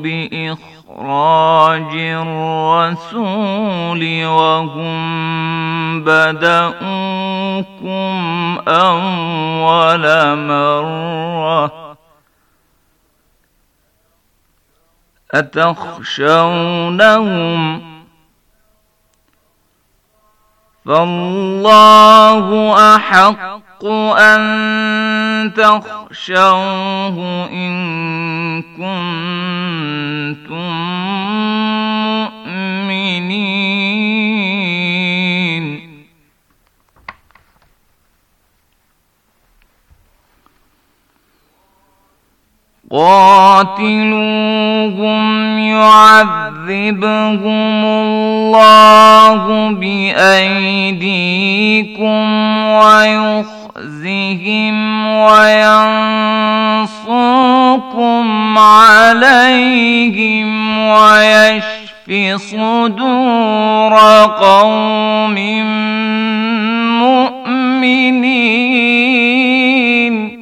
بإخراج الرسول وهم بدأوكم أول مرة أتخشونهم فالله أحق أن تخشوه إن كنتم مؤمنين قاتلوهم يعذبهم الله بأيديكم ويخزهم وينصركم عليهم ويشف صدور قوم مؤمنين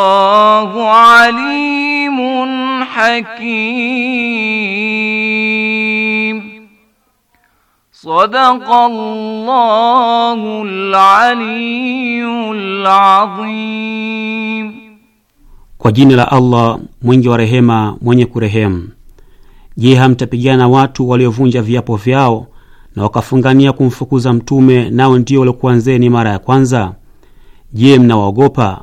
wallahu alimun hakim. Sadakallahu al azim. Kwa jina la Allah mwingi wa rehema mwenye kurehemu. Je, hamtapigana watu waliovunja viapo vyao na wakafungania kumfukuza Mtume, nao ndio waliokuanzeni mara ya kwanza? Je, mnawaogopa?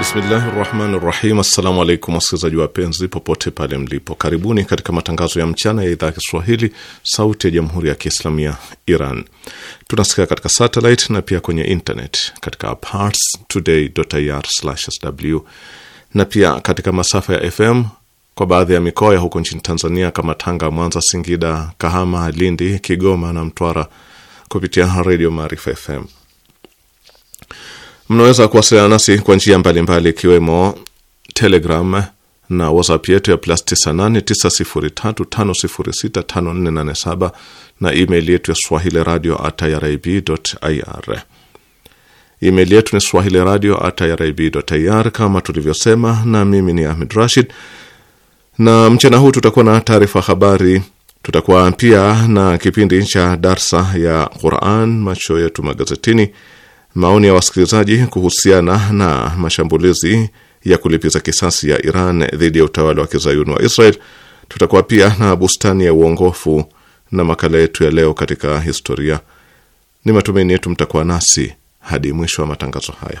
Bismillahi rahmani rahim. Assalamu alaikum wasikilizaji wapenzi, popote pale mlipo, karibuni katika matangazo ya mchana ya idhaa ya Kiswahili sauti ya jamhuri ya Kiislamu ya Iran. Tunasikia katika satellite na pia kwenye internet katika parstoday.ir/sw na pia katika masafa ya FM kwa baadhi ya mikoa ya huko nchini Tanzania kama Tanga, Mwanza, Singida, Kahama, Lindi, Kigoma na Mtwara kupitia redio Maarifa FM. Mnaweza kuwasiliana nasi kwa njia mbalimbali ikiwemo Telegram na WhatsApp yetu ya plus 989035065487 na email yetu ya swahili radio at irib.ir. Email yetu ni swahili radio at irib.ir, kama tulivyosema, na mimi ni Ahmed Rashid, na mchana huu tutakuwa na taarifa habari tutakuwa pia na kipindi cha darsa ya Quran, macho yetu magazetini, maoni ya wasikilizaji kuhusiana na mashambulizi ya kulipiza kisasi ya Iran dhidi ya utawala wa kizayuni wa Israel. Tutakuwa pia na bustani ya uongofu na makala yetu ya leo katika historia. Ni matumaini yetu mtakuwa nasi hadi mwisho wa matangazo haya.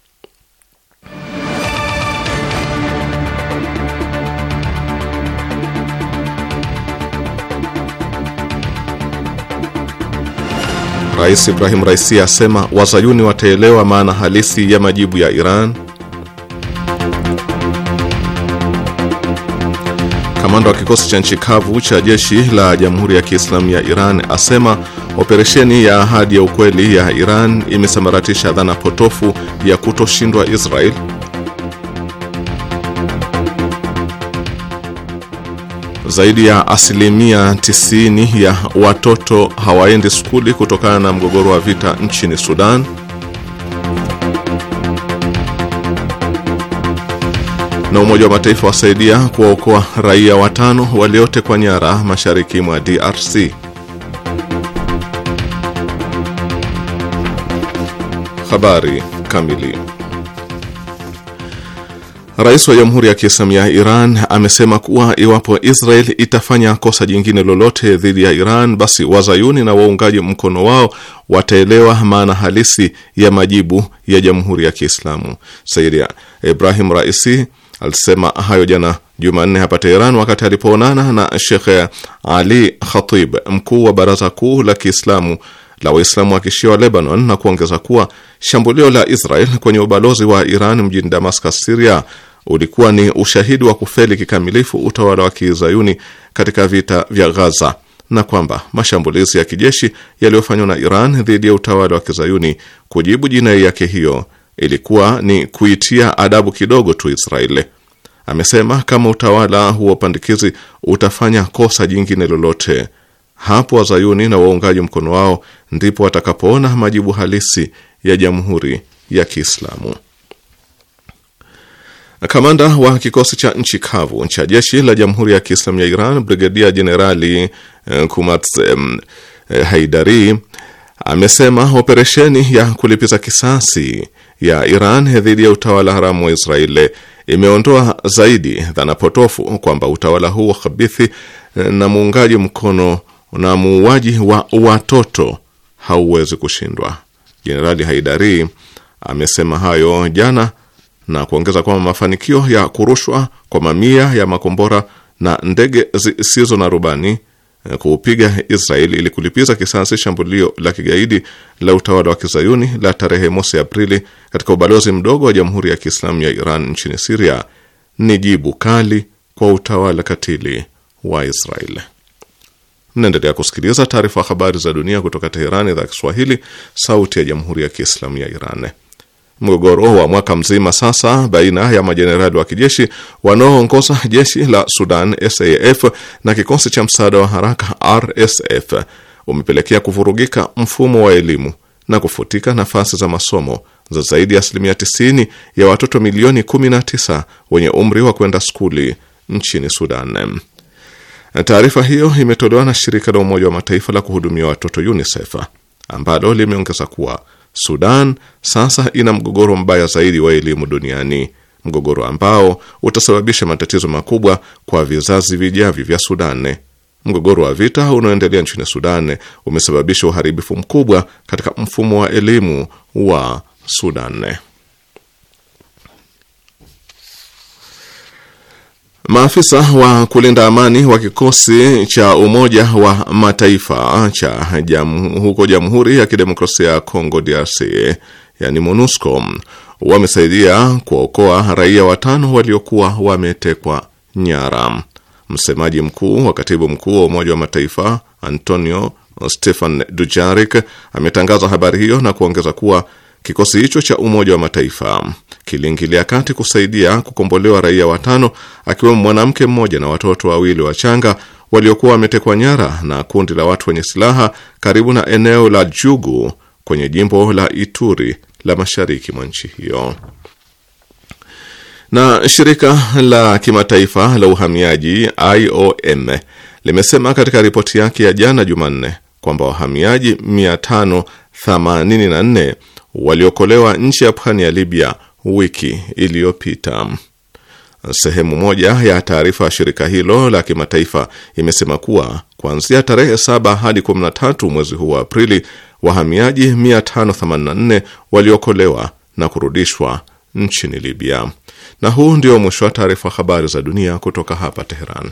Rais Ibrahim Raisi asema wazayuni wataelewa maana halisi ya majibu ya Iran. Kamanda wa kikosi cha nchi kavu cha jeshi la Jamhuri ya Kiislamu ya Iran asema operesheni ya ahadi ya ukweli ya Iran imesambaratisha dhana potofu ya kutoshindwa Israel. Zaidi ya asilimia 90 ya watoto hawaendi skuli kutokana na mgogoro wa vita nchini Sudan. Na Umoja wa Mataifa wasaidia kuwaokoa raia watano waliotekwa nyara mashariki mwa DRC. Habari kamili Rais wa Jamhuri ya Kiislamu ya Iran amesema kuwa iwapo Israel itafanya kosa jingine lolote dhidi ya Iran, basi wazayuni na waungaji mkono wao wataelewa maana halisi ya majibu ya Jamhuri ya Kiislamu. Sayyid Ibrahim Raisi alisema hayo jana Jumanne hapa Teheran wakati alipoonana na shekh Ali Khatib, mkuu wa Baraza Kuu la Kiislamu la Waislamu wa Kishia wa Lebanon, na kuongeza kuwa shambulio la Israel kwenye ubalozi wa Iran mjini Damascus, Syria ulikuwa ni ushahidi wa kufeli kikamilifu utawala wa kizayuni katika vita vya Ghaza na kwamba mashambulizi ya kijeshi yaliyofanywa na Iran dhidi ya utawala wa kizayuni kujibu jinai yake hiyo ilikuwa ni kuitia adabu kidogo tu Israeli. Amesema kama utawala huo pandikizi utafanya kosa jingine lolote, hapo wazayuni na waungaji mkono wao ndipo watakapoona majibu halisi ya Jamhuri ya Kiislamu. Kamanda wa kikosi cha nchi kavu cha jeshi la Jamhuri ya Kiislamu ya Iran, Brigedia Jenerali eh, Kumatz eh, Haidari amesema operesheni ya kulipiza kisasi ya Iran dhidi ya utawala haramu wa Israeli imeondoa zaidi dhana potofu kwamba utawala huo khabithi eh, na muungaji mkono na muuaji wa watoto hauwezi kushindwa. Jenerali Haidari amesema hayo jana na kuongeza kwamba mafanikio ya kurushwa kwa mamia ya makombora na ndege zisizo na rubani eh, kuupiga Israeli ili kulipiza kisasi shambulio la kigaidi la utawala wa kizayuni la tarehe mosi Aprili katika ubalozi mdogo wa Jamhuri ya Kiislamu ya Iran nchini Siria ni jibu kali kwa utawala katili wa Israeli. Mnaendelea kusikiliza taarifa ya habari za dunia kutoka Teherani, idhaa ya Kiswahili, sauti ya Jamhuri ya Kiislamu ya Iran. Mgogoro wa mwaka mzima sasa baina ya majenerali wa kijeshi wanaoongoza jeshi la Sudan SAF na kikosi cha msaada wa haraka RSF umepelekea kuvurugika mfumo wa elimu na kufutika nafasi za masomo za zaidi ya asilimia 90 ya watoto milioni 19 wenye umri wa kwenda skuli nchini Sudan. Taarifa hiyo imetolewa na shirika la Umoja wa Mataifa la kuhudumia watoto UNICEF ambalo limeongeza kuwa Sudan sasa ina mgogoro mbaya zaidi wa elimu duniani, mgogoro ambao utasababisha matatizo makubwa kwa vizazi vijavyo vya Sudan. Mgogoro wa vita unaoendelea nchini Sudan umesababisha uharibifu mkubwa katika mfumo wa elimu wa Sudan. Maafisa wa kulinda amani wa kikosi cha Umoja wa Mataifa cha jam, huko Jamhuri ya Kidemokrasia ya Kongo DRC, yani MONUSCO wamesaidia kuokoa raia watano waliokuwa wametekwa nyara. Msemaji mkuu wa katibu mkuu wa Umoja wa Mataifa Antonio Stefan Dujarik ametangaza habari hiyo na kuongeza kuwa Kikosi hicho cha Umoja wa Mataifa kiliingilia kati kusaidia kukombolewa raia watano akiwemo mwanamke mmoja na watoto wawili wachanga waliokuwa wametekwa nyara na kundi la watu wenye silaha karibu na eneo la Jugu kwenye jimbo la Ituri la mashariki mwa nchi hiyo. Na shirika la kimataifa la uhamiaji IOM limesema katika ripoti yake ya jana Jumanne kwamba wahamiaji 584 waliokolewa nchi ya pwani ya Libya wiki iliyopita. Sehemu moja ya taarifa ya shirika hilo la kimataifa imesema kuwa kuanzia tarehe 7 hadi 13 mwezi huu wa Aprili, wahamiaji 584 waliokolewa na kurudishwa nchini Libya. Na huu ndio mwisho wa taarifa habari za dunia kutoka hapa Teheran.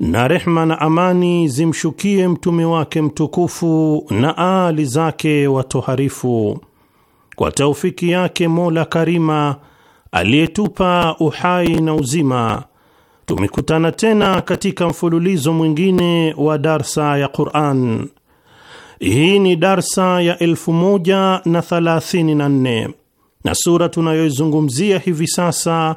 na rehma na amani zimshukie mtume wake mtukufu na aali zake watoharifu. Kwa taufiki yake Mola Karima aliyetupa uhai na uzima, tumekutana tena katika mfululizo mwingine wa darsa ya Quran. Hii ni darsa ya elfu moja na na na sura tunayoizungumzia hivi sasa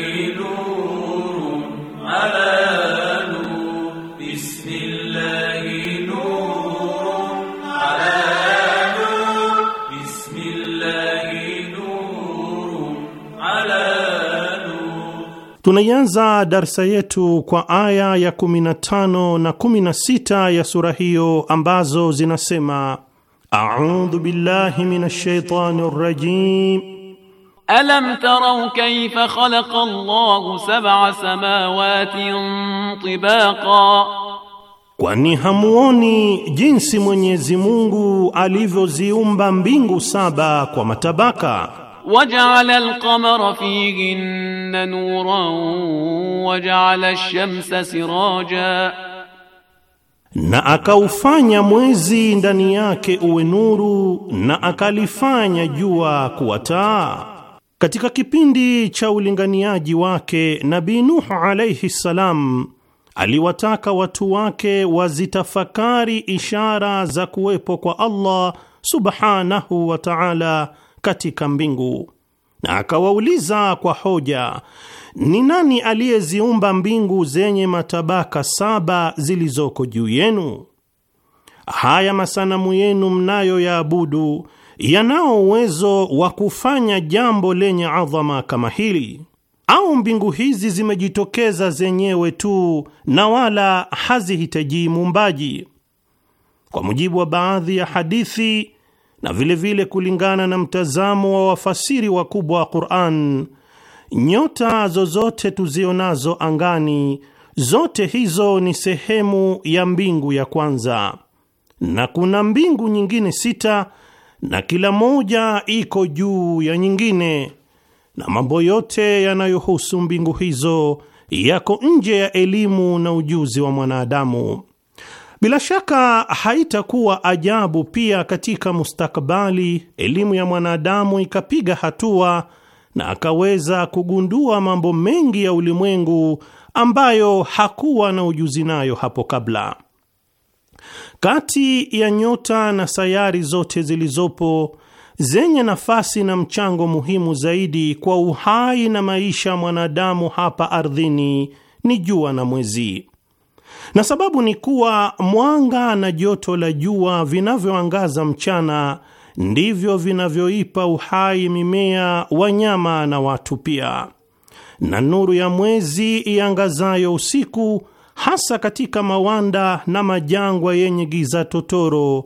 Tunaianza darsa yetu kwa aya ya 15 na 16 ya sura hiyo ambazo zinasema: audhu billahi min shaitani rajim alam tarau kaifa khalaqa Allahu sab'a samawati tibaqa, kwani hamuoni jinsi Mwenyezi Mungu alivyoziumba mbingu saba kwa matabaka wajala alqamara fihinna nuran wajala alshamsa siraja, na akaufanya mwezi ndani yake uwe nuru na akalifanya jua kuwa taa. Katika kipindi cha ulinganiaji wake Nabii Nuh alayhi salam aliwataka watu wake wazitafakari ishara za kuwepo kwa Allah subhanahu wa ta'ala katika mbingu, na akawauliza kwa hoja, ni nani aliyeziumba mbingu zenye matabaka saba zilizoko juu yenu? Haya masanamu yenu mnayoyaabudu yanao uwezo wa kufanya jambo lenye adhama kama hili? Au mbingu hizi zimejitokeza zenyewe tu na wala hazihitajii muumbaji? Kwa mujibu wa baadhi ya hadithi na vilevile vile kulingana na mtazamo wa wafasiri wakubwa wa Qur'an, nyota zozote tuzionazo angani, zote hizo ni sehemu ya mbingu ya kwanza, na kuna mbingu nyingine sita, na kila moja iko juu ya nyingine, na mambo yote yanayohusu mbingu hizo yako nje ya elimu na ujuzi wa mwanadamu. Bila shaka haitakuwa ajabu pia katika mustakabali elimu ya mwanadamu ikapiga hatua na akaweza kugundua mambo mengi ya ulimwengu ambayo hakuwa na ujuzi nayo hapo kabla. Kati ya nyota na sayari zote zilizopo zenye nafasi na mchango muhimu zaidi kwa uhai na maisha ya mwanadamu hapa ardhini ni jua na mwezi na sababu ni kuwa mwanga na joto la jua vinavyoangaza mchana ndivyo vinavyoipa uhai mimea, wanyama na watu pia, na nuru ya mwezi iangazayo usiku, hasa katika mawanda na majangwa yenye giza totoro,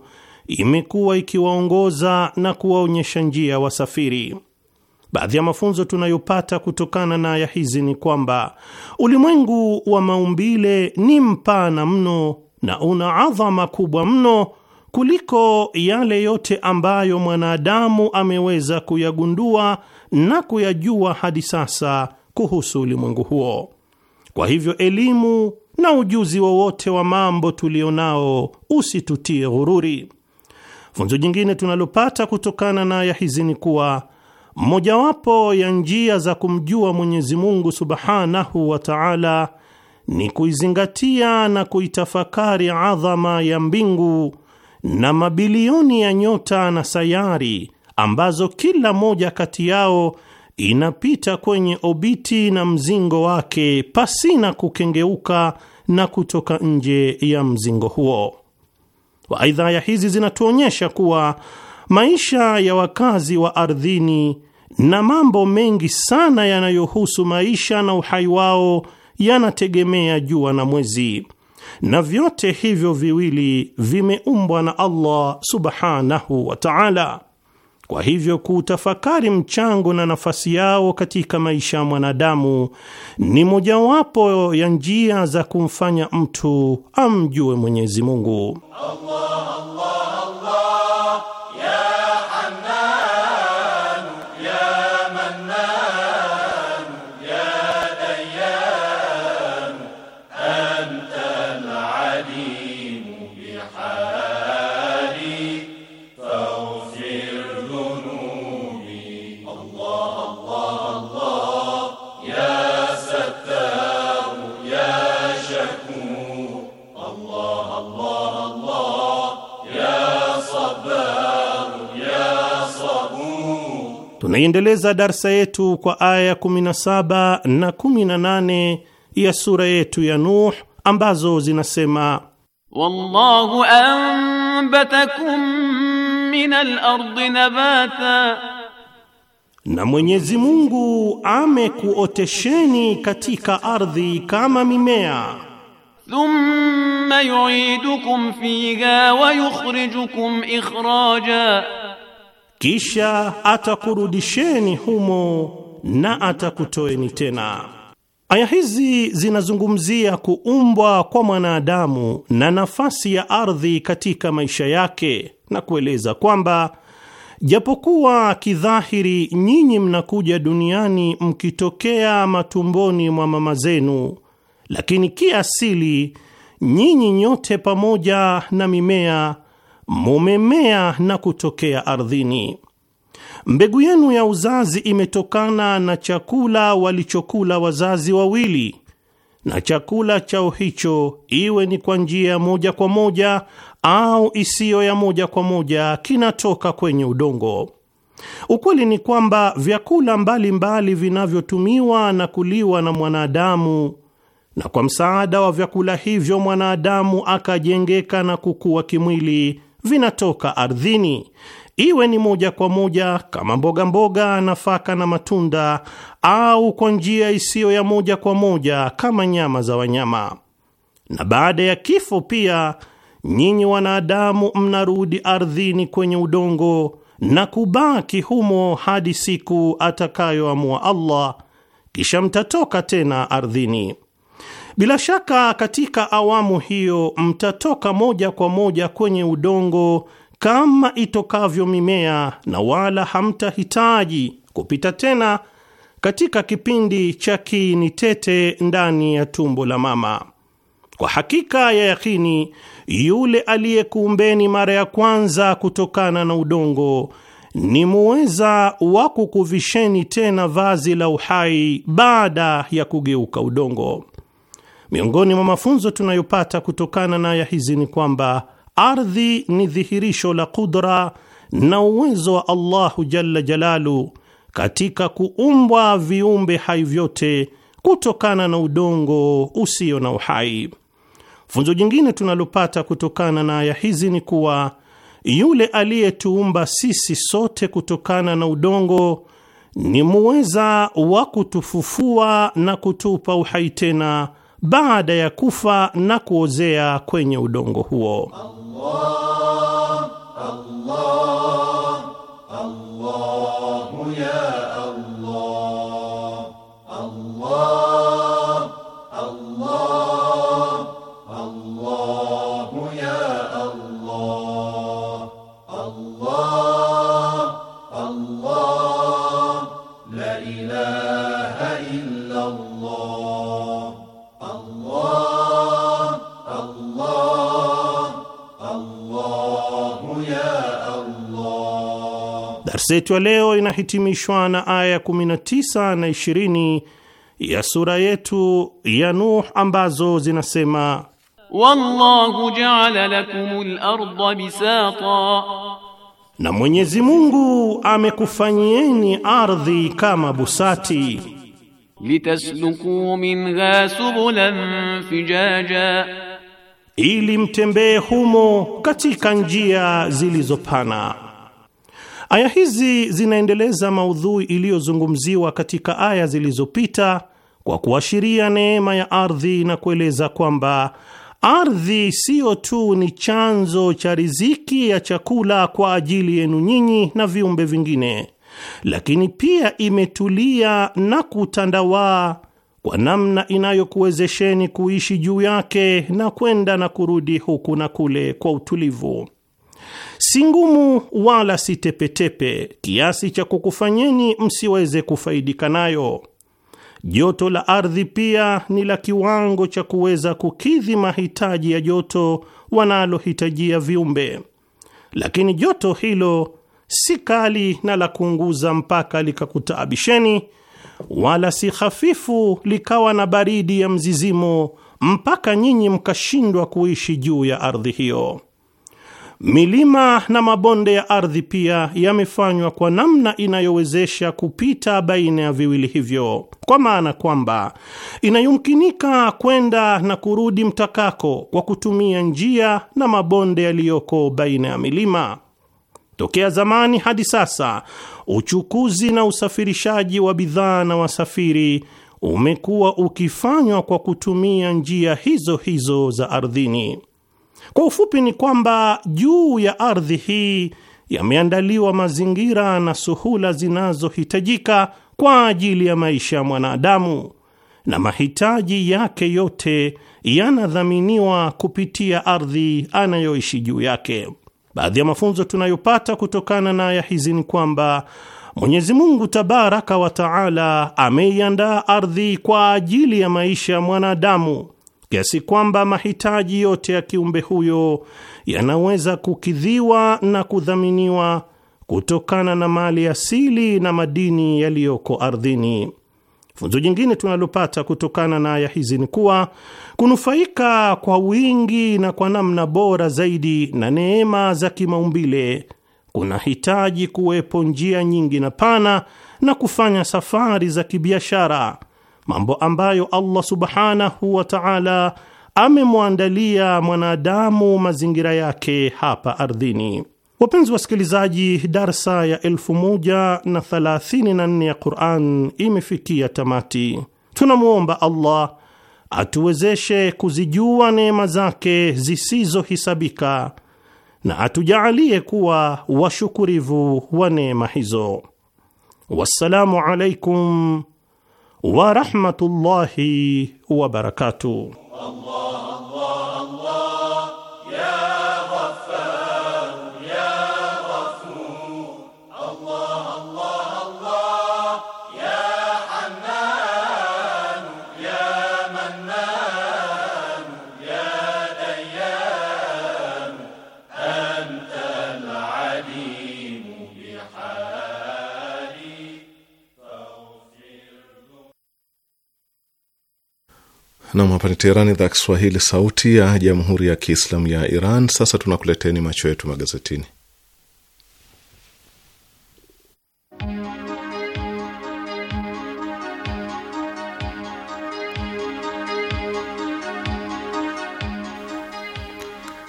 imekuwa ikiwaongoza na kuwaonyesha njia wasafiri. Baadhi ya mafunzo tunayopata kutokana na aya hizi ni kwamba ulimwengu wa maumbile ni mpana mno na una adhama kubwa mno kuliko yale yote ambayo mwanadamu ameweza kuyagundua na kuyajua hadi sasa kuhusu ulimwengu huo. Kwa hivyo elimu na ujuzi wowote wa, wa mambo tulio nao usitutie ghururi. Funzo jingine tunalopata kutokana na aya hizi ni kuwa Mojawapo ya njia za kumjua Mwenyezi Mungu subhanahu wa taala ni kuizingatia na kuitafakari adhama ya mbingu na mabilioni ya nyota na sayari ambazo kila moja kati yao inapita kwenye obiti na mzingo wake pasina kukengeuka na kutoka nje ya mzingo huo. Waidha, ya hizi zinatuonyesha kuwa maisha ya wakazi wa ardhini na mambo mengi sana yanayohusu maisha na uhai wao yanategemea jua na mwezi, na vyote hivyo viwili vimeumbwa na Allah subhanahu wa ta'ala. Kwa hivyo kuutafakari mchango na nafasi yao katika maisha ya mwanadamu ni mojawapo ya njia za kumfanya mtu amjue Mwenyezi Mungu Allah, Allah. Tunaiendeleza darsa yetu kwa aya 17 na 18 ya sura yetu ya Nuh ambazo zinasema: wallahu anbatakum minal ardi nabata, na Mwenyezi Mungu amekuotesheni katika ardhi kama mimea. Thumma yuidukum fiha wa yukhrijukum ikhraja kisha atakurudisheni humo na atakutoeni tena. Aya hizi zinazungumzia kuumbwa kwa mwanadamu na nafasi ya ardhi katika maisha yake na kueleza kwamba japokuwa kidhahiri nyinyi mnakuja duniani mkitokea matumboni mwa mama zenu, lakini kiasili nyinyi nyote pamoja na mimea mumemea na kutokea ardhini. Mbegu yenu ya uzazi imetokana na chakula walichokula wazazi wawili, na chakula chao hicho, iwe ni kwa njia ya moja kwa moja au isiyo ya moja kwa moja, kinatoka kwenye udongo. Ukweli ni kwamba vyakula mbalimbali vinavyotumiwa na kuliwa na mwanadamu na kwa msaada wa vyakula hivyo mwanadamu akajengeka na kukua kimwili, vinatoka ardhini, iwe ni moja kwa moja kama mboga mboga, nafaka na matunda, au kwa njia isiyo ya moja kwa moja kama nyama za wanyama. Na baada ya kifo pia, nyinyi wanadamu mnarudi ardhini kwenye udongo na kubaki humo hadi siku atakayoamua Allah, kisha mtatoka tena ardhini. Bila shaka katika awamu hiyo mtatoka moja kwa moja kwenye udongo kama itokavyo mimea, na wala hamtahitaji kupita tena katika kipindi cha kiini tete ndani ya tumbo la mama. Kwa hakika ya yakini, yule aliyekuumbeni mara ya kwanza kutokana na udongo ni muweza wa kukuvisheni tena vazi la uhai baada ya kugeuka udongo. Miongoni mwa mafunzo tunayopata kutokana na aya hizi ni kwamba ardhi ni dhihirisho la kudra na uwezo wa Allahu jalla jalalu katika kuumbwa viumbe hai vyote kutokana na udongo usio na uhai. Funzo jingine tunalopata kutokana na aya hizi ni kuwa yule aliyetuumba sisi sote kutokana na udongo ni muweza wa kutufufua na kutupa uhai tena baada ya kufa na kuozea kwenye udongo huo Allah. darsa yetu ya leo inahitimishwa na aya 19 na 20 ya sura yetu ya Nuh ambazo zinasema, wallahu jaala lakumul arda bisata, na Mwenyezi Mungu amekufanyieni ardhi kama busati. Litasluku minha subulan fijaja, ili mtembee humo katika njia zilizopana. Aya hizi zinaendeleza maudhui iliyozungumziwa katika aya zilizopita kwa kuashiria neema ya ardhi na kueleza kwamba ardhi siyo tu ni chanzo cha riziki ya chakula kwa ajili yenu nyinyi na viumbe vingine, lakini pia imetulia na kutandawaa kwa namna inayokuwezesheni kuishi juu yake na kwenda na kurudi huku na kule kwa utulivu si ngumu wala si tepetepe kiasi cha kukufanyeni msiweze kufaidika nayo. Joto la ardhi pia ni la kiwango cha kuweza kukidhi mahitaji ya joto wanalohitajia viumbe, lakini joto hilo si kali na la kuunguza mpaka likakutaabisheni, wala si hafifu likawa na baridi ya mzizimo mpaka nyinyi mkashindwa kuishi juu ya ardhi hiyo. Milima na mabonde ya ardhi pia yamefanywa kwa namna inayowezesha kupita baina ya viwili hivyo, kwa maana kwamba inayumkinika kwenda na kurudi mtakako kwa kutumia njia na mabonde yaliyoko baina ya milima. Tokea zamani hadi sasa, uchukuzi na usafirishaji wa bidhaa na wasafiri umekuwa ukifanywa kwa kutumia njia hizo hizo za ardhini. Kwa ufupi ni kwamba juu ya ardhi hii yameandaliwa mazingira na suhula zinazohitajika kwa ajili ya maisha ya mwanadamu na mahitaji yake yote yanadhaminiwa kupitia ardhi anayoishi juu yake. Baadhi ya mafunzo tunayopata kutokana na aya hizi ni kwamba Mwenyezi Mungu tabaraka wa taala ameiandaa ardhi kwa ajili ya maisha ya mwanadamu kiasi kwamba mahitaji yote ya kiumbe huyo yanaweza kukidhiwa na kudhaminiwa kutokana na mali asili na madini yaliyoko ardhini. Funzo jingine tunalopata kutokana na aya hizi ni kuwa kunufaika kwa wingi na kwa namna bora zaidi na neema za kimaumbile kunahitaji kuwepo njia nyingi na pana na kufanya safari za kibiashara mambo ambayo Allah subhanahu wa ta'ala amemwandalia mwanadamu mazingira yake hapa ardhini. Wapenzi wasikilizaji, darsa ya elfu moja na thalathini na nne ya Quran imefikia tamati. Tunamwomba Allah atuwezeshe kuzijua neema zake zisizohisabika na atujaalie kuwa washukurivu wa neema hizo. wassalamu alaikum ورحمة الله وبركاته Nam, hapa ni Teherani, idhaa Kiswahili, sauti ya jamhuri ya kiislamu ya Iran. Sasa tunakuleteni macho yetu magazetini.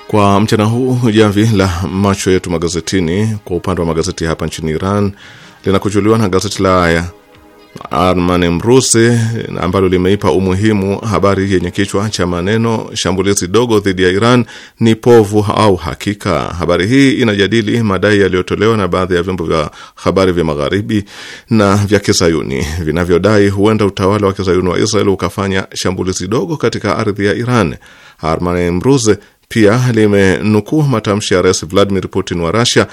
Kwa mchana huu jamvi la macho yetu magazetini, kwa upande wa magazeti hapa nchini Iran, linakuchuliwa na gazeti la Aya Arman Mrusi ambalo limeipa umuhimu habari yenye kichwa cha maneno shambulizi dogo dhidi ya Iran ni povu au hakika. Habari hii inajadili madai yaliyotolewa na baadhi ya vyombo vya habari vya magharibi na vya kisayuni vinavyodai huenda utawala wa kisayuni wa Israel ukafanya shambulizi dogo katika ardhi ya Iran. Arman Mrusi pia limenukuu matamshi ya Rais Vladimir Putin wa Russia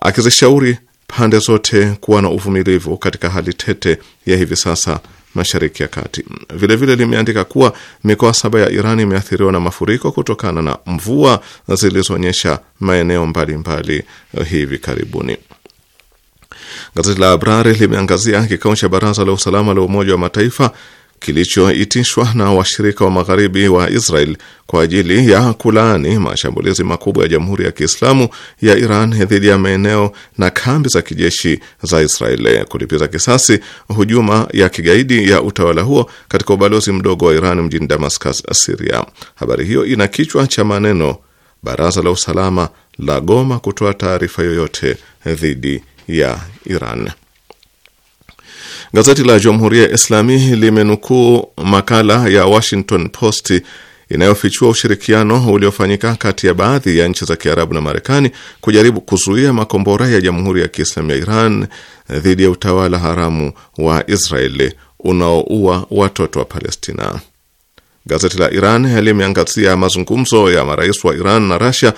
akizishauri pande zote kuwa na uvumilivu katika hali tete ya hivi sasa Mashariki ya Kati. Vilevile vile limeandika kuwa mikoa saba ya Iran imeathiriwa na mafuriko kutokana na mvua zilizoonyesha maeneo mbalimbali mbali eh, hivi karibuni. Gazeti la Abrari limeangazia kikao cha Baraza la Usalama la Umoja wa Mataifa kilichoitishwa na washirika wa magharibi wa Israel kwa ajili ya kulaani mashambulizi makubwa ya Jamhuri ya Kiislamu ya Iran dhidi ya maeneo na kambi za kijeshi za Israel, kulipiza kisasi hujuma ya kigaidi ya utawala huo katika ubalozi mdogo wa Iran mjini Damascus, siria Habari hiyo ina kichwa cha maneno Baraza la Usalama la Goma kutoa taarifa yoyote dhidi ya Iran. Gazeti la Jamhuri ya Islami limenukuu makala ya Washington Post inayofichua ushirikiano uliofanyika kati ya baadhi ya nchi za Kiarabu na Marekani kujaribu kuzuia makombora ya Jamhuri ya Kiislamu ya Iran dhidi ya utawala haramu wa Israeli unaoua watoto wa Palestina. Gazeti la Iran limeangazia mazungumzo ya marais wa Iran na Russia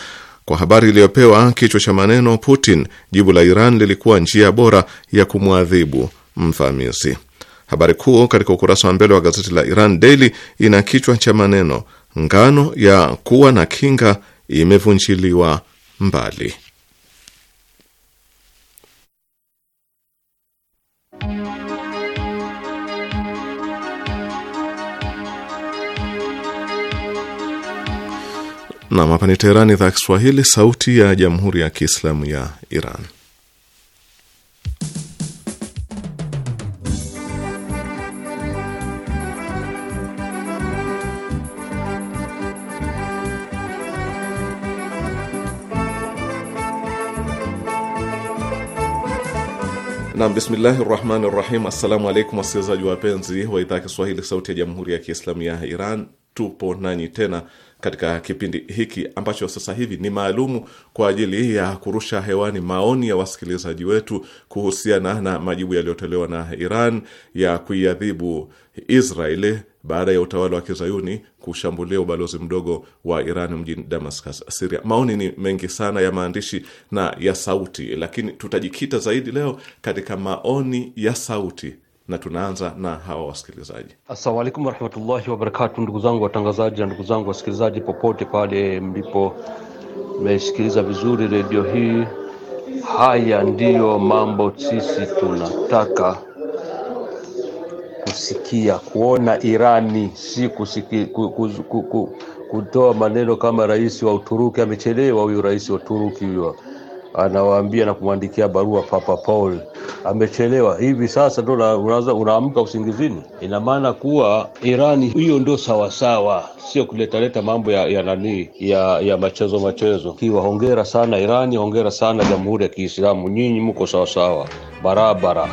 kwa habari iliyopewa kichwa cha maneno Putin, jibu la Iran lilikuwa njia bora ya kumwadhibu mvamizi. Habari kuu katika ukurasa wa mbele wa gazeti la Iran Daily ina kichwa cha maneno ngano ya kuwa na kinga imevunjiliwa mbali. Nam, hapa ni Teherani, idhaa Kiswahili, sauti ya jamhuri ya kiislamu ya Iran. Nam, bismillahi rahmani rahim. Assalamu alaikum wasikilizaji wapenzi wa idhaa ya Kiswahili sauti ya jamhuri ya Kiislamu ya Iran, tupo nanyi tena katika kipindi hiki ambacho sasa hivi ni maalumu kwa ajili ya kurusha hewani maoni ya wasikilizaji wetu kuhusiana na majibu yaliyotolewa na Iran ya kuiadhibu Israeli baada ya utawala wa kizayuni kushambulia ubalozi mdogo wa Iran mjini Damascus, Siria. Maoni ni mengi sana ya maandishi na ya sauti, lakini tutajikita zaidi leo katika maoni ya sauti na tunaanza na hawa wasikilizaji. Assalamu alaikum warahmatullahi wabarakatu, ndugu zangu watangazaji na ndugu zangu wasikilizaji popote pale mlipo, mmesikiliza vizuri redio hii. Haya ndiyo mambo sisi tunataka kusikia, kuona Irani, si kutoa maneno kama rais wa Uturuki amechelewa. Huyu rais wa Uturuki huyo anawaambia na kumwandikia barua Papa Paul, amechelewa hivi sasa ndo unaanza unaamka usingizini. Ina maana kuwa Irani hiyo ndio sawasawa, sio kuletaleta mambo ya, ya nani ya, ya machezo machezo. Kiwa hongera sana Irani, hongera sana Jamhuri ya Kiislamu, nyinyi mko sawasawa barabara.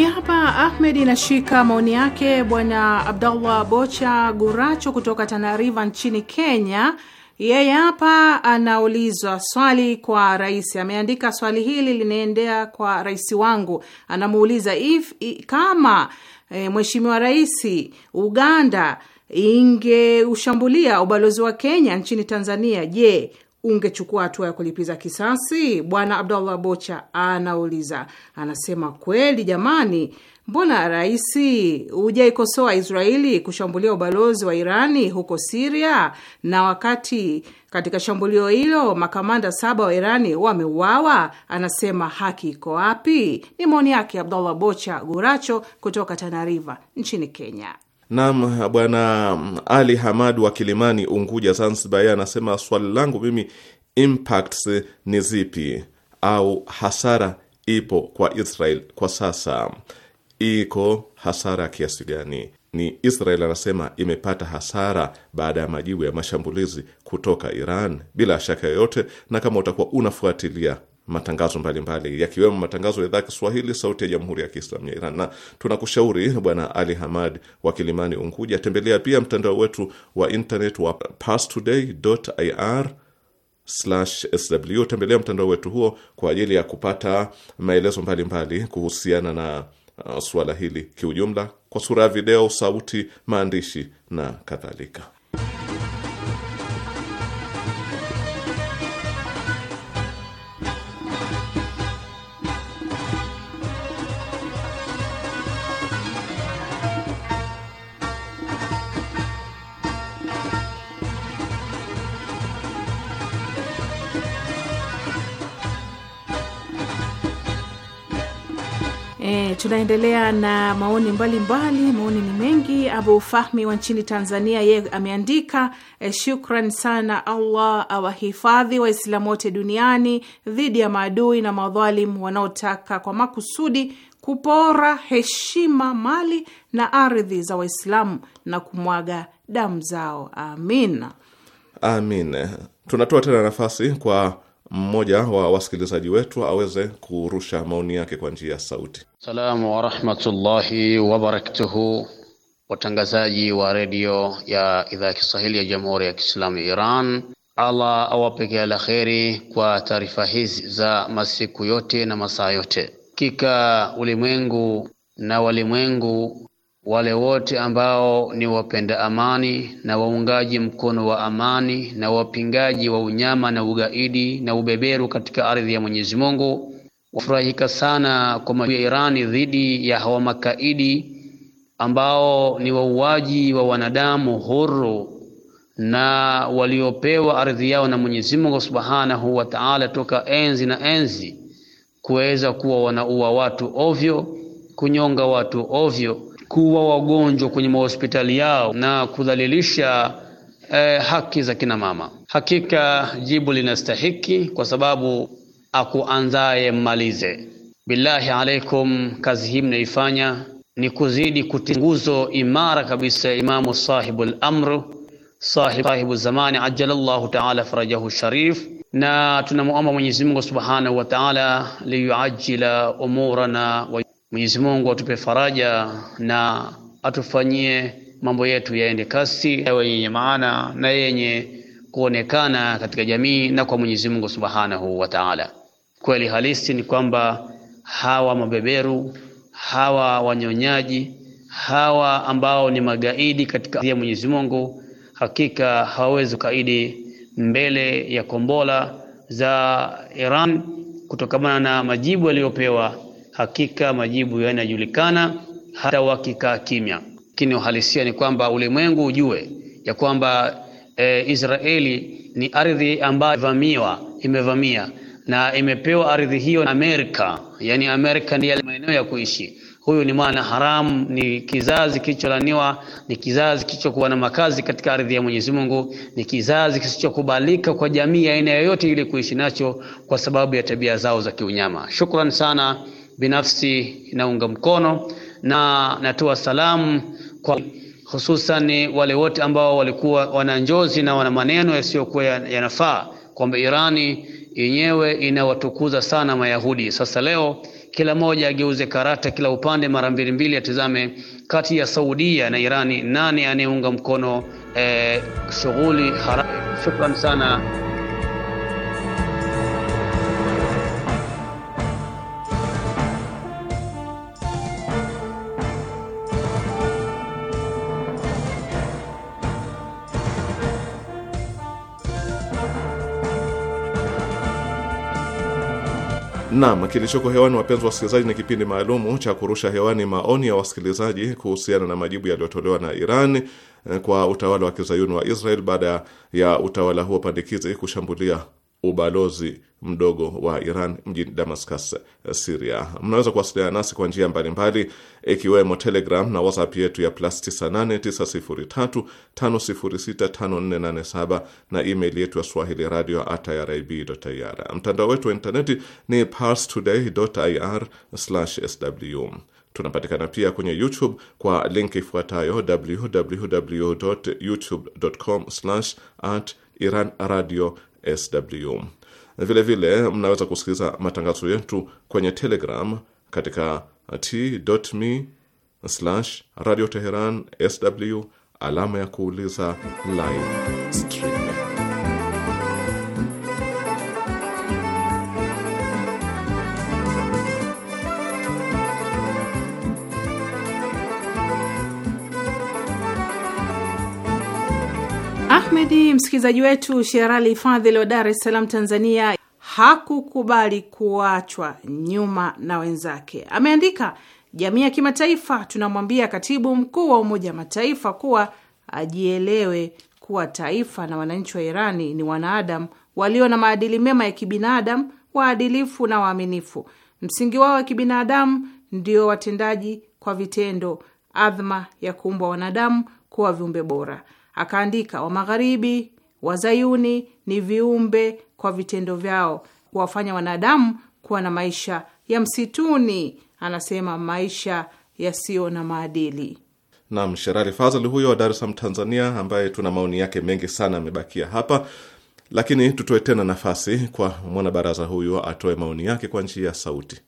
Nimia hapa Ahmed inashika maoni yake bwana Abdallah Bocha Guracho kutoka Tanariva nchini Kenya. Yeye hapa anaulizwa swali kwa rais, ameandika swali hili linaendea kwa rais wangu. Anamuuliza if, if, kama e, mheshimiwa rais, Uganda ingeushambulia ubalozi wa Kenya nchini Tanzania, je, ungechukua hatua ya kulipiza kisasi? Bwana Abdallah Bocha anauliza, anasema kweli jamani, mbona raisi hujaikosoa Israeli kushambulia ubalozi wa Irani huko Siria, na wakati katika shambulio hilo makamanda saba wa Irani wameuawa? Anasema haki iko wapi? Ni maoni yake Abdallah Bocha Guracho kutoka Tanariva nchini Kenya. Naam, bwana mm, Ali Hamad wa Kilimani, Unguja, Zanzibar, yeye anasema swali langu mimi, impacts ni zipi au hasara ipo kwa Israel kwa sasa? Iko hasara kiasi gani? Ni Israel anasema imepata hasara baada ya majibu ya mashambulizi kutoka Iran bila shaka yoyote. Na kama utakuwa unafuatilia matangazo mbalimbali yakiwemo matangazo ya idhaa Kiswahili sauti ya Jamhuri ya Kiislamu ya Iran. Na tunakushauri Bwana Ali Hamad wa Kilimani, Unguja, tembelea pia mtandao wetu wa internet wa pastoday.ir sw. Tembelea mtandao wetu huo kwa ajili ya kupata maelezo mbalimbali mbali kuhusiana na uh, suala hili kiujumla, kwa sura ya video, sauti, maandishi na kadhalika. E, tunaendelea na maoni mbalimbali mbali. Maoni ni mengi. Abu Fahmi wa nchini Tanzania yeye ameandika e, shukran sana, Allah awahifadhi Waislamu wote duniani dhidi ya maadui na madhalimu wanaotaka kwa makusudi kupora heshima, mali na ardhi za Waislamu na kumwaga damu zao. Amin, amin. Tunatoa tena nafasi kwa mmoja wa wasikilizaji wetu aweze kurusha maoni yake kwa njia ya sauti. Salamu warahmatullahi wabarakatuhu, watangazaji wa redio ya idhaa ya Kiswahili ya Jamhuri ya Kiislamu Iran. Allah awapekea la kheri kwa taarifa hizi za masiku yote na masaa yote. Hakika ulimwengu na walimwengu wale wote ambao ni wapenda amani na waungaji mkono wa amani na wapingaji wa unyama na ugaidi na ubeberu katika ardhi ya Mwenyezi Mungu wafurahika sana kwa ya Irani dhidi ya hawa makaidi ambao ni wauaji wa wanadamu huru na waliopewa ardhi yao na Mwenyezi Mungu Subhanahu wa Ta'ala toka enzi na enzi, kuweza kuwa wanaua watu ovyo, kunyonga watu ovyo, kuwa wagonjwa kwenye mahospitali yao na kudhalilisha eh, haki za kina mama. Hakika jibu linastahiki kwa sababu akuanzaye mmalize. Billahi alaikum, kazi hii mnaifanya ni kuzidi kutinguzo imara kabisa Imamu sahibul amr sahibu, sahibu zamani ajalallahu taala farajahu sharif, na tunamuomba Mwenyezi Mungu subhanahu wa taala liyuajila umurana wa Mwenyezi Mungu atupe faraja na atufanyie mambo yetu yaende kasi, yawe yenye maana na yenye kuonekana katika jamii na kwa Mwenyezi Mungu subhanahu wa taala. Kweli halisi ni kwamba hawa mabeberu, hawa wanyonyaji, hawa ambao ni magaidi katika ya Mwenyezi Mungu, hakika hawawezi kaidi mbele ya kombola za Iran kutokamana na majibu yaliyopewa. Hakika majibu yanajulikana hata wakikaa kimya, lakini uhalisia ni kwamba ulimwengu ujue ya kwamba e, Israeli ni ardhi ambayo imevamiwa imevamia na imepewa ardhi hiyo na Amerika, yani Amerika ndiye maeneo ya kuishi. Huyu ni mwana haramu, ni kizazi kilicholaaniwa, ni kizazi kilichokuwa na makazi katika ardhi ya Mwenyezi Mungu, ni kizazi kisichokubalika kwa jamii ya aina yoyote ili kuishi nacho kwa sababu ya tabia zao za kiunyama. Shukrani sana, binafsi naunga mkono na natoa salamu kwa hususan wale wote ambao walikuwa wana njozi na wana maneno yasiyokuwa yanafaa kwamba Irani yenyewe inawatukuza sana Mayahudi. Sasa leo kila moja ageuze karata kila upande mara mbili mbili, atizame kati ya Saudia na Irani nani anayeunga mkono eh, shughuli haramu. Shukran sana. Naam, kilichoko hewani wapenzi wasikilizaji, ni kipindi maalumu cha kurusha hewani maoni ya wasikilizaji kuhusiana na majibu yaliyotolewa na Iran eh, kwa utawala wa kizayuni wa Israel baada ya utawala huo pandikizi kushambulia ubalozi mdogo wa Iran mjini Damascus, siria Mnaweza kuwasiliana nasi kwa njia mbalimbali ikiwemo Telegram na WhatsApp yetu ya plus 989035065487 na email yetu ya swahili radio at irib.ir. Mtandao wetu wa intaneti ni parstoday.ir/sw. Tunapatikana pia kwenye YouTube kwa link ifuatayo www.youtube.com/at Iran radio sw. Vile vile mnaweza kusikiliza matangazo yetu kwenye Telegram katika t.me radio Teheran sw alama ya kuuliza live stream. Muhamedi, msikilizaji wetu Sherali Fadhili wa Dar es Salaam, Tanzania, hakukubali kuachwa nyuma na wenzake. Ameandika, jamii ya kimataifa tunamwambia katibu mkuu wa Umoja wa Mataifa kuwa ajielewe kuwa taifa na wananchi wa Irani ni wanaadamu walio na maadili mema ya kibinadamu, waadilifu na waaminifu. Msingi wao wa kibinadamu ndio watendaji kwa vitendo, adhma ya kuumbwa wanadamu kuwa viumbe bora. Akaandika, wa magharibi wazayuni ni viumbe kwa vitendo vyao kuwafanya wanadamu kuwa na maisha ya msituni, anasema maisha yasiyo na maadili. Nam Sherali Fazl huyo wa Dar es Salaam, Tanzania, ambaye tuna maoni yake mengi sana amebakia hapa, lakini tutoe tena nafasi kwa mwanabaraza huyu atoe maoni yake kwa njia ya sauti.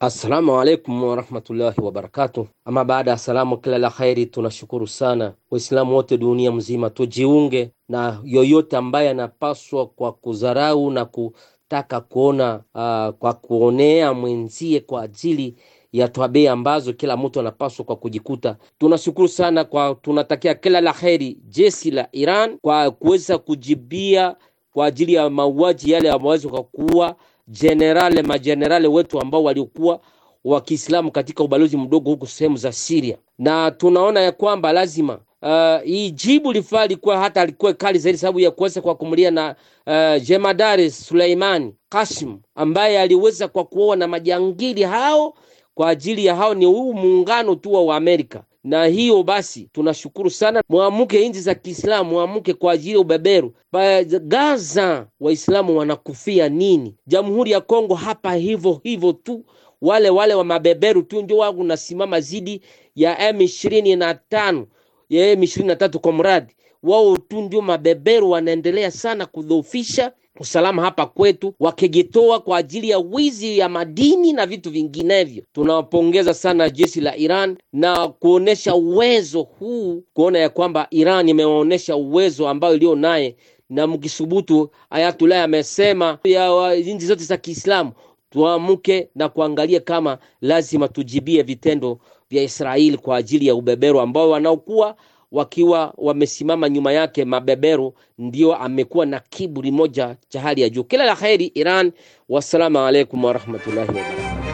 Assalamu alaikum warahmatullahi wabarakatuh. Ama baada ya salamu, kila la kheri, tunashukuru sana Waislamu wote dunia mzima, tujiunge na yoyote ambaye anapaswa kwa kudharau na kutaka kuona uh, kwa kuonea mwenzie kwa ajili ya twabei ambazo kila mtu anapaswa kwa kujikuta. Tunashukuru sana kwa, tunatakia kila la kheri jeshi la Iran kwa kuweza kujibia kwa ajili ya mauaji yale ambayo kwa kuwa jenerali majenerali wetu ambao walikuwa wa Kiislamu katika ubalozi mdogo huku sehemu za Syria, na tunaona ya kwamba lazima uh, hii jibu lifaa likuwa hata alikuwa kali zaidi, sababu ya kuweza kwa kumlia na uh, jemadari Suleimani Kasim ambaye aliweza kwa kuoa na majangili hao kwa ajili ya hao ni huu muungano tu wa Amerika na hiyo basi, tunashukuru sana. Mwamuke nchi za Kiislamu, mwamuke kwa ajili ya ubeberu pa Gaza. Waislamu wanakufia nini? Jamhuri ya Kongo hapa hivyo hivyo tu, wale wale wa mabeberu tu ndio wangu nasimama zidi ya M25 ya M23 kwa mradi wao tu ndio mabeberu wanaendelea sana kudhoofisha usalama hapa kwetu, wakijitoa kwa ajili ya wizi ya madini na vitu vinginevyo. Tunawapongeza sana jeshi la Iran na kuonesha uwezo huu, kuona ya kwamba Iran imewaonesha uwezo ambayo iliyo naye, na mkisubutu, Ayatullah amesema ya nchi zote za Kiislamu tuamke na kuangalia kama lazima tujibie vitendo vya Israeli kwa ajili ya ubeberu ambao wanaokuwa wakiwa wamesimama nyuma yake mabeberu, ndio amekuwa na kiburi moja cha hali ya juu. Kila la kheri Iran. Wassalamu alaikum warahmatullahi wabarakatuh.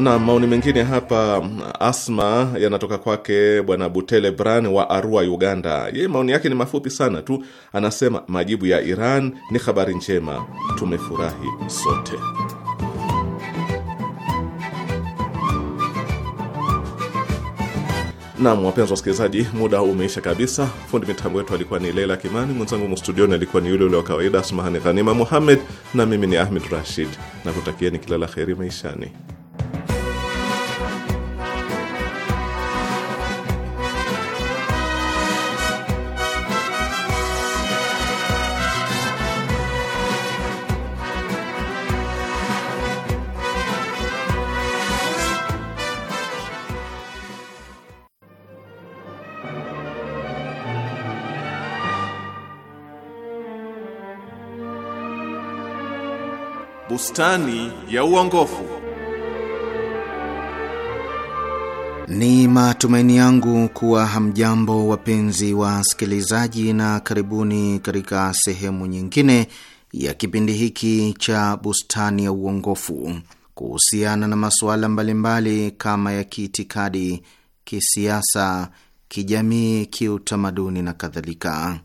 na maoni mengine hapa Asma yanatoka kwake bwana Butele Bran wa Arua, Uganda. Ye, maoni yake ni mafupi sana tu, anasema majibu ya Iran ni habari njema, tumefurahi sote. Nam, wapenzi wasikilizaji, muda umeisha kabisa. Fundi mitambo wetu alikuwa ni Leila Kimani, mwenzangu mstudioni alikuwa ni yule ule wa kawaida Asmahani Ghanima Muhammed, na mimi ni Ahmed Rashid na kutakieni kila la kheri maishani. Bustani ya uongofu. Ni matumaini yangu kuwa hamjambo wapenzi wa sikilizaji, na karibuni katika sehemu nyingine ya kipindi hiki cha Bustani ya Uongofu kuhusiana na masuala mbalimbali kama ya kiitikadi, kisiasa, kijamii, kiutamaduni na kadhalika.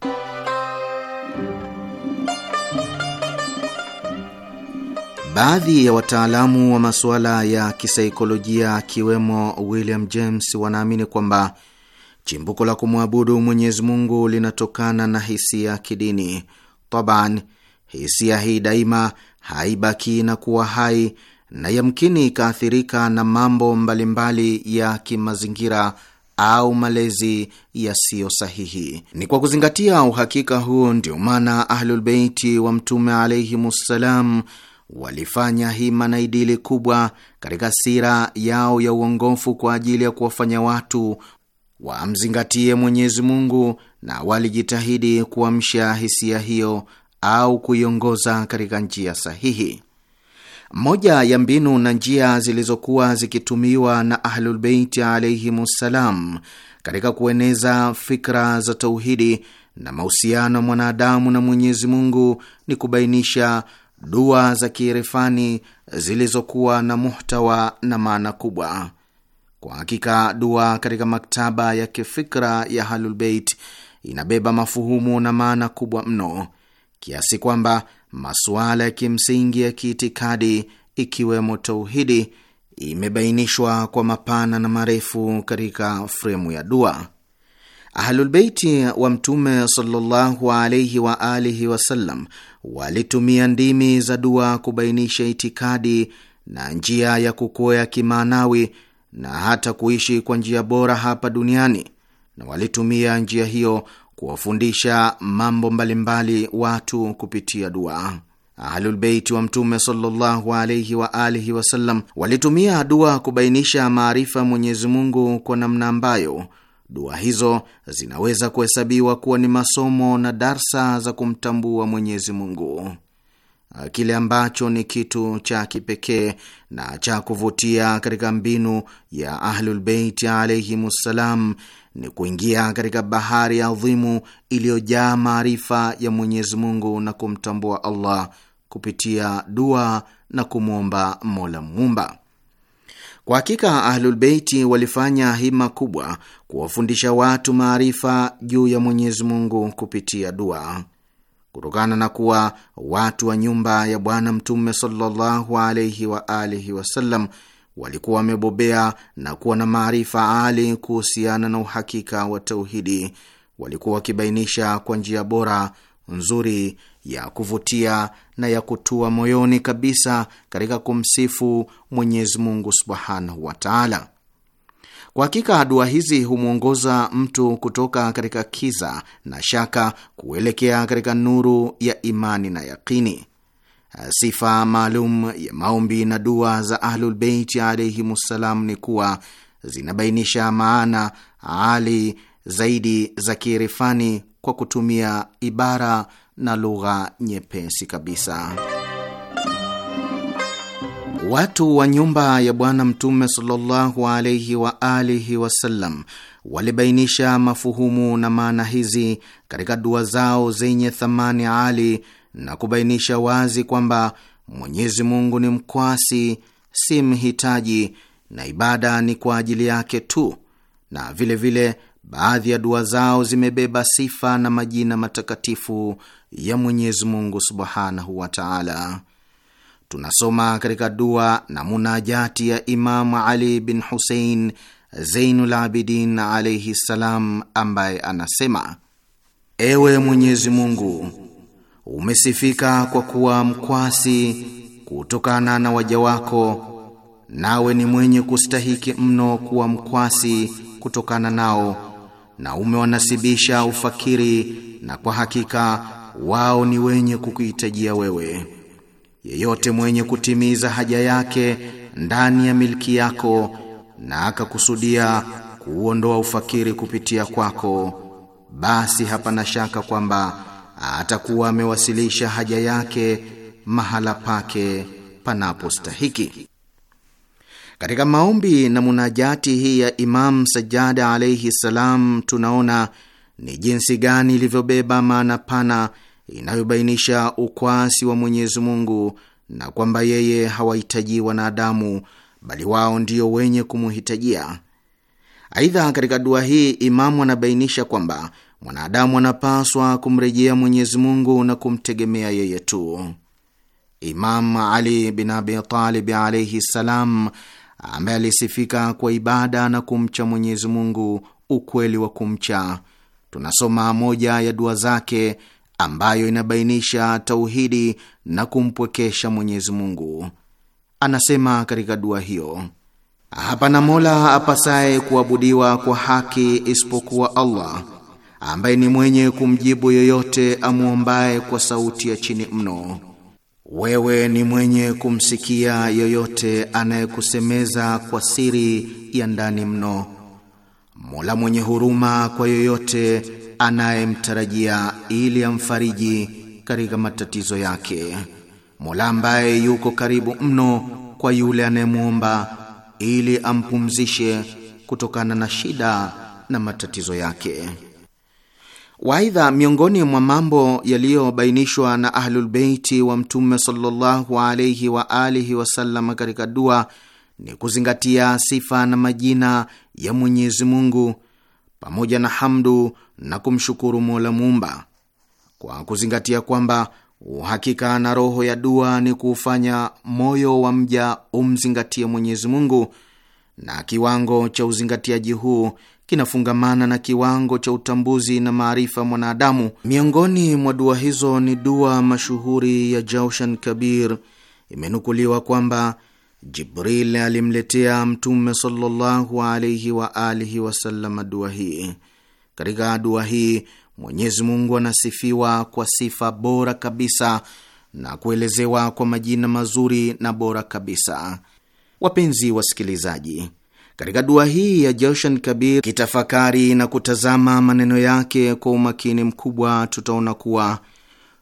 Baadhi ya wataalamu wa masuala ya kisaikolojia akiwemo William James wanaamini kwamba chimbuko la kumwabudu Mwenyezi Mungu linatokana na hisia kidini. Taban, hisia hii daima haibaki na kuwa hai na yamkini ikaathirika na mambo mbalimbali ya kimazingira au malezi yasiyo sahihi. Ni kwa kuzingatia uhakika huo ndio maana Ahlulbeiti wa Mtume alaihimussalam walifanya hima na idili kubwa katika sira yao ya uongofu kwa ajili ya kuwafanya watu wamzingatie Mwenyezi Mungu, na walijitahidi kuamsha hisia hiyo au kuiongoza katika njia sahihi. Moja ya mbinu na njia zilizokuwa zikitumiwa na Ahlulbeiti alaihimussalam katika kueneza fikra za tauhidi na mahusiano ya mwanadamu na Mwenyezi Mungu ni kubainisha dua za kiirefani zilizokuwa na muhtawa na maana kubwa. Kwa hakika dua katika maktaba ya kifikra ya Halulbeit inabeba mafuhumu na maana kubwa mno kiasi kwamba masuala ya kimsingi ya kiitikadi ikiwemo tauhidi imebainishwa kwa mapana na marefu katika fremu ya dua. Ahlulbeiti wa Mtume sallallahu alaihi wa alihi wasallam walitumia ndimi za dua kubainisha itikadi na njia ya kukoya kimaanawi na hata kuishi kwa njia bora hapa duniani, na walitumia njia hiyo kuwafundisha mambo mbalimbali watu kupitia dua. Ahlulbeiti wa Mtume sallallahu alaihi wa alihi wasallam walitumia dua kubainisha maarifa ya Mwenyezi Mungu kwa namna ambayo Dua hizo zinaweza kuhesabiwa kuwa ni masomo na darsa za kumtambua Mwenyezi Mungu. Kile ambacho ni kitu cha kipekee na cha kuvutia katika mbinu ya Ahlulbeiti alaihimussalam ni kuingia katika bahari adhimu iliyojaa maarifa ya Mwenyezi Mungu na kumtambua Allah kupitia dua na kumwomba Mola mumba Kwa hakika Ahlulbeiti walifanya hima kubwa kuwafundisha watu maarifa juu ya Mwenyezi Mungu kupitia dua. Kutokana na kuwa watu wa nyumba ya Bwana Mtume sallallahu alaihi wa alihi wasallam walikuwa wamebobea na kuwa na maarifa ali kuhusiana na uhakika wa tauhidi, walikuwa wakibainisha kwa njia bora nzuri ya kuvutia na ya kutua moyoni kabisa katika kumsifu Mwenyezi Mungu subhanahu wa taala. Kwa hakika dua hizi humwongoza mtu kutoka katika kiza na shaka kuelekea katika nuru ya imani na yaqini. Sifa maalum ya maombi na dua za Ahlulbeiti alaihimussalam ni kuwa zinabainisha maana ali zaidi za kiirifani kwa kutumia ibara na lugha nyepesi kabisa. Watu wa nyumba ya Bwana Mtume sallallahu alaihi wa alihi wasallam walibainisha mafuhumu na maana hizi katika dua zao zenye thamani ali na kubainisha wazi kwamba Mwenyezi Mungu ni mkwasi, si mhitaji, na ibada ni kwa ajili yake tu, na vilevile vile, baadhi ya dua zao zimebeba sifa na majina matakatifu ya Mwenyezi Mungu subhanahu wa taala tunasoma katika dua na munajati ya Imamu Ali bin Husein Zeinul Abidin alaihi ssalam, ambaye anasema: ewe Mwenyezi Mungu, umesifika kwa kuwa mkwasi kutokana na waja wako, nawe ni mwenye kustahiki mno kuwa mkwasi kutokana nao, na umewanasibisha ufakiri, na kwa hakika wao ni wenye kukuhitajia wewe yeyote mwenye kutimiza haja yake ndani ya milki yako na akakusudia kuondoa ufakiri kupitia kwako, basi hapana shaka kwamba atakuwa amewasilisha haja yake mahala pake panapostahiki. Katika maombi na munajati hii ya Imam sajada alaihi salam, tunaona ni jinsi gani ilivyobeba maana pana inayobainisha ukwasi wa Mwenyezi Mungu na kwamba yeye hawahitaji wanadamu bali wao ndio wenye kumuhitajia Aidha, katika dua hii Imamu anabainisha kwamba mwanadamu anapaswa kumrejea Mwenyezi Mungu na kumtegemea yeye tu. Imam Ali bin Abi Talib alaihi ssalam, ambaye alisifika kwa ibada na kumcha Mwenyezi Mungu ukweli wa kumcha, tunasoma moja ya dua zake ambayo inabainisha tauhidi na kumpwekesha Mwenyezi Mungu. Anasema katika dua hiyo, hapana mola apasaye kuabudiwa kwa haki isipokuwa Allah ambaye ni mwenye kumjibu yoyote amwombaye kwa sauti ya chini mno. Wewe ni mwenye kumsikia yoyote anayekusemeza kwa siri ya ndani mno, mola mwenye huruma kwa yoyote anayemtarajia ili amfariji katika matatizo yake, Mola ambaye yuko karibu mno kwa yule anayemwomba ili ampumzishe kutokana na shida na matatizo yake. Waidha, miongoni mwa mambo yaliyobainishwa na Ahlulbeiti wa Mtume sallallahu alaihi wa alihi wasallam katika dua ni kuzingatia sifa na majina ya Mwenyezi Mungu pamoja na hamdu na kumshukuru Mola Muumba, kwa kuzingatia kwamba uhakika na roho ya dua ni kuufanya moyo wa mja umzingatie Mwenyezi Mungu, na kiwango cha uzingatiaji huu kinafungamana na kiwango cha utambuzi na maarifa mwanadamu. Miongoni mwa dua hizo ni dua mashuhuri ya Jaushan Kabir. Imenukuliwa kwamba Jibril alimletea Mtume sallallahu alaihi wa alihi wasallam dua hii. Katika dua hii Mwenyezi Mungu anasifiwa kwa sifa bora kabisa na kuelezewa kwa majina mazuri na bora kabisa. Wapenzi wasikilizaji, katika dua hii ya Joshan Kabir, kitafakari na kutazama maneno yake kwa umakini mkubwa, tutaona kuwa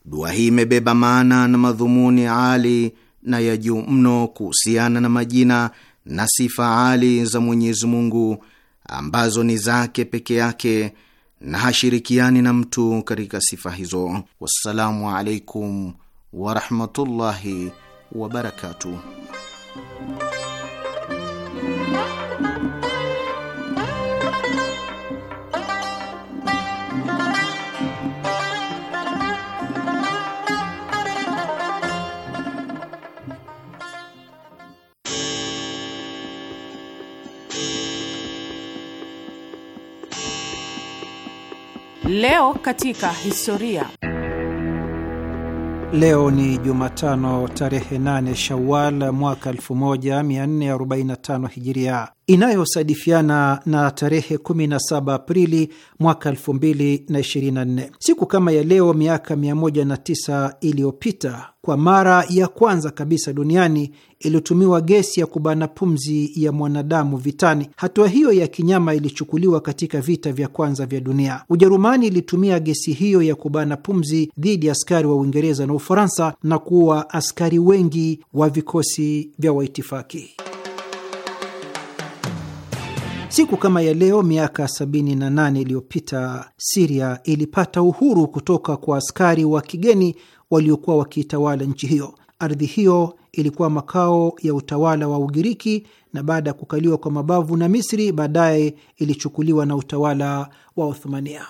dua hii imebeba maana na madhumuni ali na ya juu mno kuhusiana na majina na sifa ali za Mwenyezi Mungu ambazo ni zake peke yake na hashirikiani na mtu katika sifa hizo. Wassalamu alaikum warahmatullahi wabarakatuh. Leo katika historia. Leo ni Jumatano tarehe 8 Shawal mwaka 1445 Hijiria, inayosadifiana na tarehe 17 Aprili mwaka 2024. Siku kama ya leo miaka 109 iliyopita, kwa mara ya kwanza kabisa duniani ilitumiwa gesi ya kubana pumzi ya mwanadamu vitani. Hatua hiyo ya kinyama ilichukuliwa katika vita vya kwanza vya dunia. Ujerumani ilitumia gesi hiyo ya kubana pumzi dhidi ya askari wa Uingereza na Ufaransa na kuua askari wengi wa vikosi vya Waitifaki. Siku kama ya leo miaka 78 iliyopita Siria ilipata uhuru kutoka kwa askari wa kigeni waliokuwa wakiitawala nchi hiyo. Ardhi hiyo ilikuwa makao ya utawala wa Ugiriki na baada ya kukaliwa kwa mabavu na Misri, baadaye ilichukuliwa na utawala wa Othmania.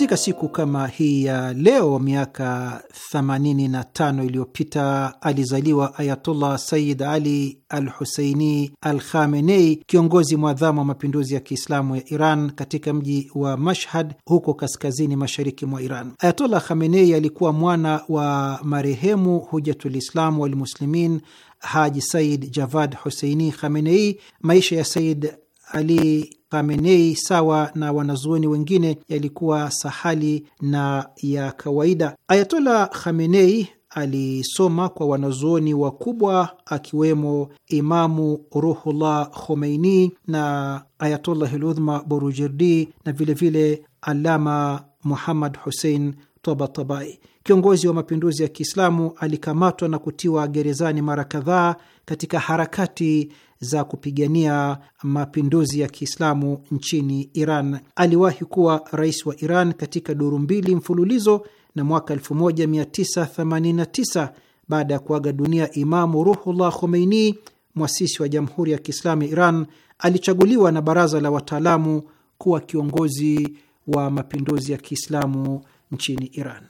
Katika siku kama hii ya leo miaka 85 iliyopita alizaliwa Ayatullah Sayid Ali al Huseini al Khamenei, kiongozi mwadhamu wa mapinduzi ya Kiislamu ya Iran, katika mji wa Mashhad huko kaskazini mashariki mwa Iran. Ayatullah Khamenei alikuwa mwana wa marehemu Hujatulislamu walmuslimin Haji Said Javad Huseini Khamenei. Maisha ya Said Ali Khamenei, sawa na wanazuoni wengine, yalikuwa sahali na ya kawaida. Ayatola Khamenei alisoma kwa wanazuoni wakubwa akiwemo Imamu Ruhullah Khomeini na Ayatollah Udhma Borujerdi na vilevile Alama Muhammad Hussein Tabatabai. Kiongozi wa mapinduzi ya Kiislamu alikamatwa na kutiwa gerezani mara kadhaa katika harakati za kupigania mapinduzi ya Kiislamu nchini Iran. Aliwahi kuwa rais wa Iran katika duru mbili mfululizo na mwaka 1989 baada ya kuaga dunia Imamu Ruhullah Khomeini, mwasisi wa Jamhuri ya Kiislamu ya Iran, alichaguliwa na baraza la wataalamu kuwa kiongozi wa mapinduzi ya Kiislamu nchini Iran.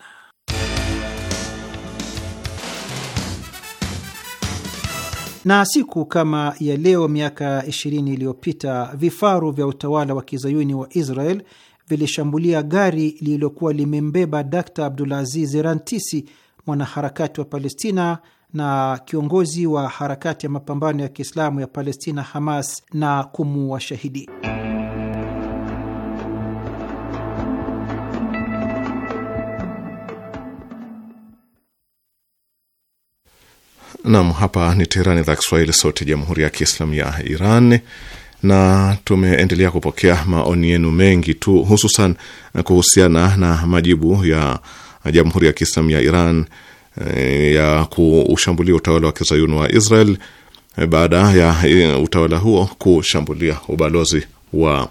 Na siku kama ya leo miaka 20 iliyopita vifaru vya utawala wa kizayuni wa Israel vilishambulia gari lililokuwa limembeba Dr Abdulaziz Rantisi, mwanaharakati wa Palestina na kiongozi wa harakati ya mapambano ya Kiislamu ya Palestina, Hamas, na kumuua shahidi. Nam, hapa ni Teherani, idhaa Kiswahili, sauti ya jamhuri ya kiislamu ya Iran. Na tumeendelea kupokea maoni yenu mengi tu, hususan eh, kuhusiana na majibu ya jamhuri ya kiislamu ya Iran eh, ya kuushambulia utawala wa kizayuni wa Israel eh, baada ya utawala huo kushambulia ubalozi wa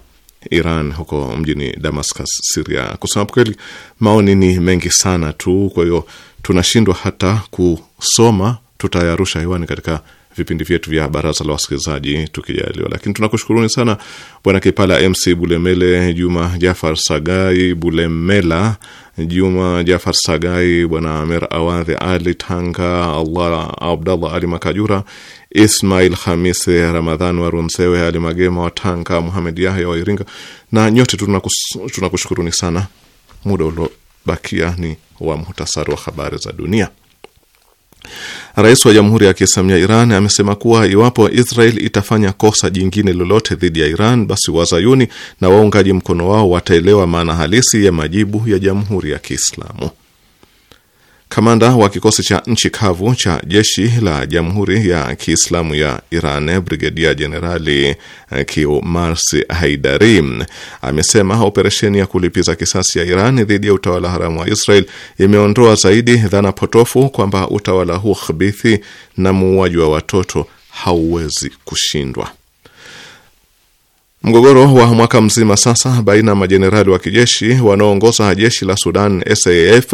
Iran huko mjini Damascus, Siria. Kusema kweli, maoni ni mengi sana tu, kwa hiyo tunashindwa hata kusoma tutayarusha hewani katika vipindi vyetu vya baraza la wasikilizaji tukijaliwa. Lakini tunakushukuruni sana Bwana Kipala, MC Bulemele, Juma Jafar Sagai, Bulemela Juma Jafar Sagai, Bwana Amer Awadhi Ali Tanga, Allah Abdallah Ali Makajura, Ismail Hamisi Ramadhan wa Ali Magema wa Tanga, Muhamed Yahya wa Iringa na nyote tunakushukuruni sana. Muda uliobakia ni wa muhtasari wa habari za dunia. Rais wa Jamhuri ya Kiislamu ya Iran amesema kuwa iwapo Israel itafanya kosa jingine lolote dhidi ya Iran, basi wazayuni na waungaji mkono wao wataelewa maana halisi ya majibu ya Jamhuri ya Kiislamu. Kamanda wa kikosi cha nchi kavu cha jeshi la Jamhuri ya Kiislamu ya Iran, Brigedia Jenerali eh, Kiumars Haidari amesema operesheni ya kulipiza kisasi ya Iran dhidi ya utawala haramu wa Israel imeondoa zaidi dhana potofu kwamba utawala huu khabithi na muuaji wa watoto hauwezi kushindwa. Mgogoro wa mwaka mzima sasa baina ya majenerali wa kijeshi wanaoongoza jeshi la Sudan SAF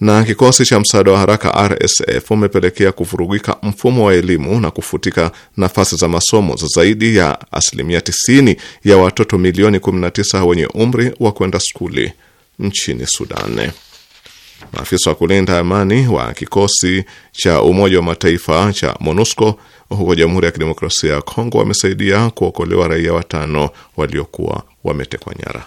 na kikosi cha msaada wa haraka RSF umepelekea kuvurugika mfumo wa elimu na kufutika nafasi za masomo za zaidi ya asilimia 90 ya watoto milioni 19 wenye umri wa kwenda skuli nchini Sudan. Maafisa wa kulinda amani wa kikosi cha Umoja wa Mataifa cha MONUSCO huko Jamhuri ya Kidemokrasia ya Kongo wamesaidia kuokolewa raia watano waliokuwa wametekwa nyara.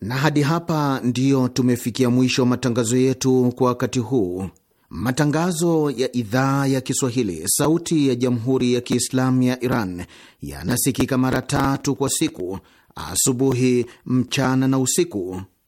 Na hadi hapa ndiyo tumefikia mwisho wa matangazo yetu kwa wakati huu. Matangazo ya idhaa ya Kiswahili sauti ya Jamhuri ya Kiislamu ya Iran yanasikika mara tatu kwa siku: asubuhi, mchana na usiku.